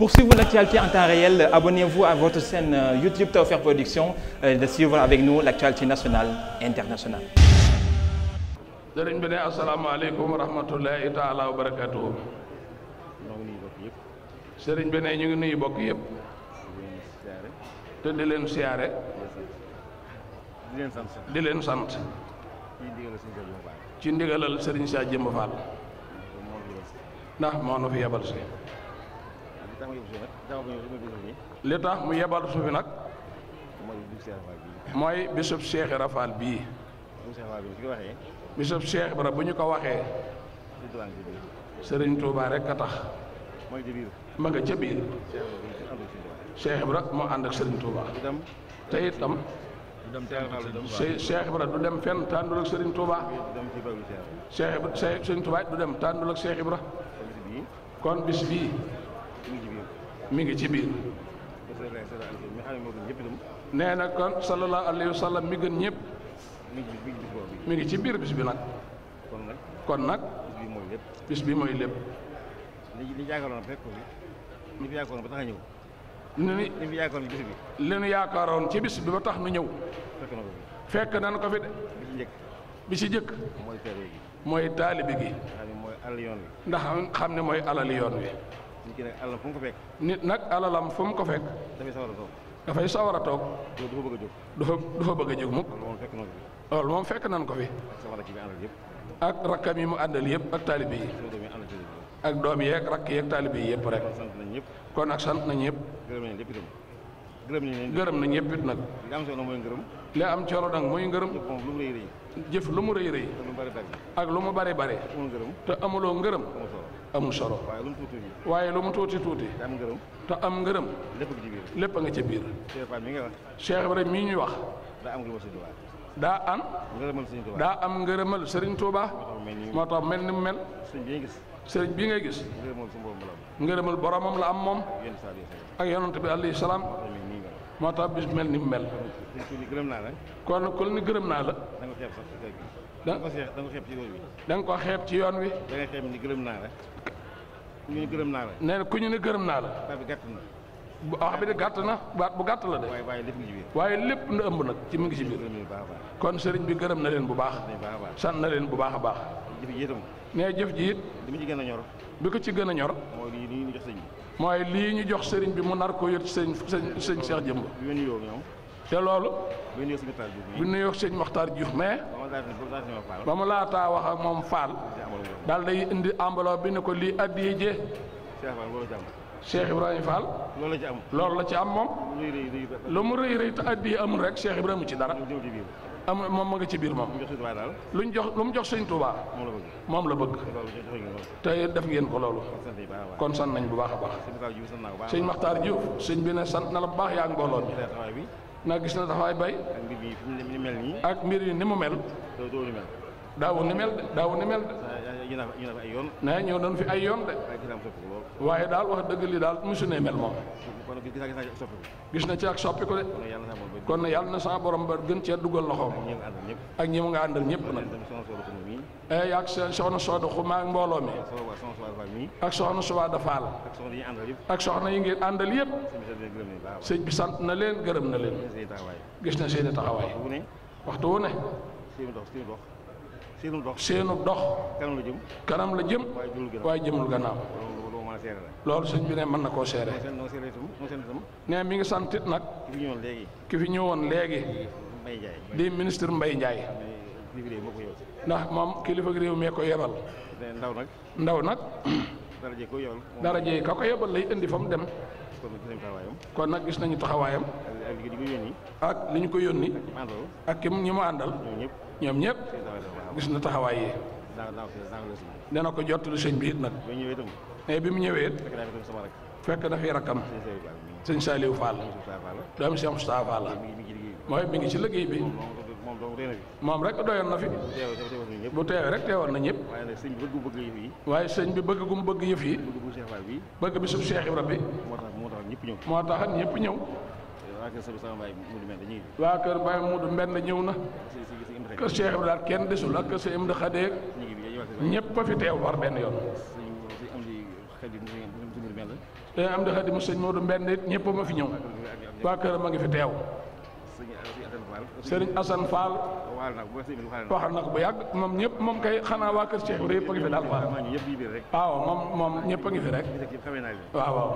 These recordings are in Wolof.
Pour suivre l'actualité en temps réel, abonnez-vous à votre chaîne euh, YouTube Tawfekh Production euh, de suivre avec nous l'actualité nationale et internationale. Sëriñ bi ne asalaamaaleykum wa taala wa barakatuhu. Sëriñ ñu ngi nuyu bokk yëpp. te di leen siyaare. di leen sant di leen sant. ci ndigalal Sëriñ Cheikh Jëmb Fall. ndax moo nu fi yabal si. li tax mu yebal suufi nag mooy bisub Cheikh Rafal bii bisub Cheikh Ibra bu ñu ko waxee Sëriñ Tuubaa rek a tax ma nga ca biir Cheikh Ibra moo ànd ak Sëriñ Tuubaa te itam Cheikh Ibra du dem fenn tàndul ak Sëriñ Tuubaa Cheikh Sëriñ Tuubaa du dem tàndul ak Cheikh Ibra kon bis bii mi ngi ci biir. nee na kon sallallahu alayhi wa sallam mi gën ñëpp. mi ngi ci biir bis bi nag. kon nag. bis bi mooy lépp. li yaakaaroon fekk ko fi. li fi ba tax ñëw. li li fi yaakaaroon bi. li nu yaakaaroon ci bis bi ba tax nu ñëw. fekk na ko ko fi de. bi ci njëkk. bi ci njëkk. mooy taalibe gi. mooy taalibe gi. ndax xam ndax xam ne mooy alal yoon wi. nit ki nag alalam fu mu ko fekk. nit nag alalam fu mu ko fekk. dafay sawar a toog. dafay sawar a toog. du fa bëgg a jóg. du fa du fa bëgg a jóg mukk. loolu moom fekk nañ ko fi. ak rakkam yi mu àndal yëpp ak taalibe yi. ak doom yeeg rakk yeeg taalibe yi yëpp rek. kon ak sant nañ ñëpp. gërëm nañ leen gërëm nañ ñëpp it nag. li am solo nag mooy ngërëm. jëf lu mu rëy rëy. ak lu mu bari bari. te amuloo ngërëm. amul solo waaye lu mu tuuti tuuti te am ngërëm lépp a nga ca biir Cheikh Ibrahima mii ñuy wax daa am daa am ngërëmal Serigne Touba moo tax mel ni mu mel sëriñ bii ngay gis ngërëmal boromam la am moom ak yonent bi alayhi salaam moo tax bis mel ni mu mel kon kon ni gërëm naa la da nga ko xeeb ci yoon wi da nga ko xeeb ci yoon wi da nga gërëm naa la ku ne gërëm naa la. nee na ku ñu ne gërëm naa la. baat bi gàtt na. bu wax bi de gàtt na baat bu gàtt la de. waaye waaye lépp ngi na ëmb nag ci mi ngi ci biir. kon sëriñ bi gërëm na leen bu baax. sant na leen bu baax a baax. itam. nee jëf ji it. li ci gën a ñor. bi ko ci gën a ñor. mooy lii ñu jox sëriñ bi. lii ñu jox sëriñ bi mu nar ko yot sëriñ sëñ Cheikh Jëmb. bi ma nuyoo ñoom. te loolu. bu ñu nuyoo sëñ Maxtaar Diouf mais. ba mu laataa wax ak moom Fall. daal day indi enveloppe bi ne ko lii addiya je. Cheikh Ibrahima Fall. loolu la ci am loolu la ci am moom. lu mu rëy rëy te addiya amul rek Cheikh Ibrahima ci dara. am moom ma ngi ci biir moom. lu ñu jox lu mu jox sëñ Touba. moom la bëgg. te def ngeen ko loolu. kon sant nañ bu baax a baax. sëñ Maxtaar Diouf sëñ bi ne sant na la bu baax yaa ngi mbooloo bi ndax gis na taxawaay bay. ak mbir yi ni mu mel nii. ak mbir yi ni mu mel. doo doo ni mel. daawu ni mel de daawu ni mel de. Ah, ne ñëw nañ fi ay yoon de. waaye daal wax dëgg li daal mosu ne mel moom. gis na ci ak soppiku de. kon yàlla na saa borom ba gën cee dugal loxoom. ak ñi mu nga àndal ñëpp na ay e, ak soxna Soxna Xuma ak mbooloo mi. ak soxna Suwaada Faal. ak soxna yi ngeen àndal yëpp. sëñ bi sant na leen gërëm na leen. gis na seeni taxawaay. waxtu wu ne. seenu dox seenu dox. kanam la jëm kanam la jëm. waaye jëmul gannaaw loolu sëñ bi ne mën na koo seere. nee mi ngi sant it nag. ki fi woon léegi. di ministre Mbaye Ndiaye. ndax moom kilifa réew mee ko yebal. ndaw nag ndaw nag. dara jëye ka ko yebal lay indi fa mu dem. kon nag gis nañu taxawaayam. ak li ñu ko yónni. ak kim ñi mu àndal. ñoom ñëpp gis na taxawaay yi dana ko jottali sëñ bi it nag mais bi mu ñëwee it fekk na fi rakkam sëñ Saliou Fall doomu Cheikh Moustapha Fall mooy mi ngi ci liggéey bi moom rek doyoon na fi bu teewee rek teewoon na ñëpp waaye sëñ bi bëgg gu mu bëgg yëf yi bëgg bi sub Cheikh Ibra bi moo tax ñëpp ñëw waa kër sama baay Modou Mbend ñëw na. kër Cheikh daal kenn desul ak kër Cheikh Ibrahima Xadeeg. ñëpp a fi teew war benn yoon. am di xadim sëñ Modou Mbend it ñëpp ma fi ñëw. waa kër ma ngi fi teew. Serigne Assane Fall. wax bu yàgg moom ñëpp moom kay xanaa waa kër Cheikh Ibra yëpp a ngi fi daal waaw. waaw moom moom ñëpp a ngi fi rek. waaw waaw.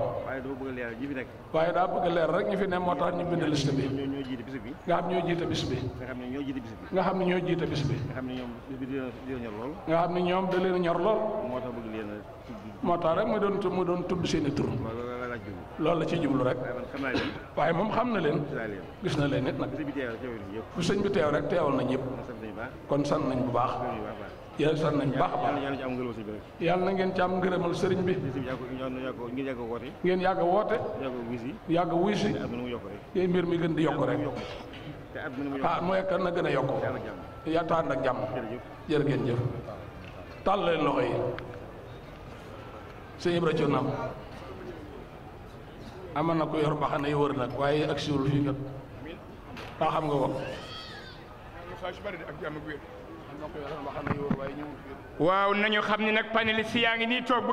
waaye daa bëgg leer rek ñi fi ne moo tax ñu bind liste bi. nga xam ñoo jiite bis bi. nga xam ne ñoo jiite bis bi. nga xam ne ñoom da leen ñor lool. moo tax rek mu doon mu doon tudd seen tur. loolu la ciy jublu rek waaye moom xam na leen gis na leen nit nag fu sëñ bi teew rek teewal nañ ñëpp kon sant nañ bu baax yàlla sant nañ bu baax a baax na ngeen ci am ngërëmal sëriñ bi ngeen yàgg a woote ngeen yàgg a woote yàgg a wuy si yéen mbir mi gën di yokk rek ah mu yekkan na gën a yokk yaataan ak jàmm jërë ngeen jëf tàll leen loxo yi sëñ Ibrahima Thion amoon na ko yor mbaxana yi wër nag waaye ak siwul fii kat waa xam nga waaye waaw nañu xam ni nag panéliste yaa ngi nii toog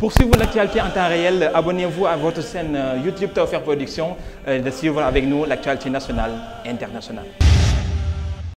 Pour suivre l'actualité en temps réel, abonnez-vous à votre chaîne euh, YouTube Tawfekh Production euh, et de suivre avec nous l'actualité nationale et internationale.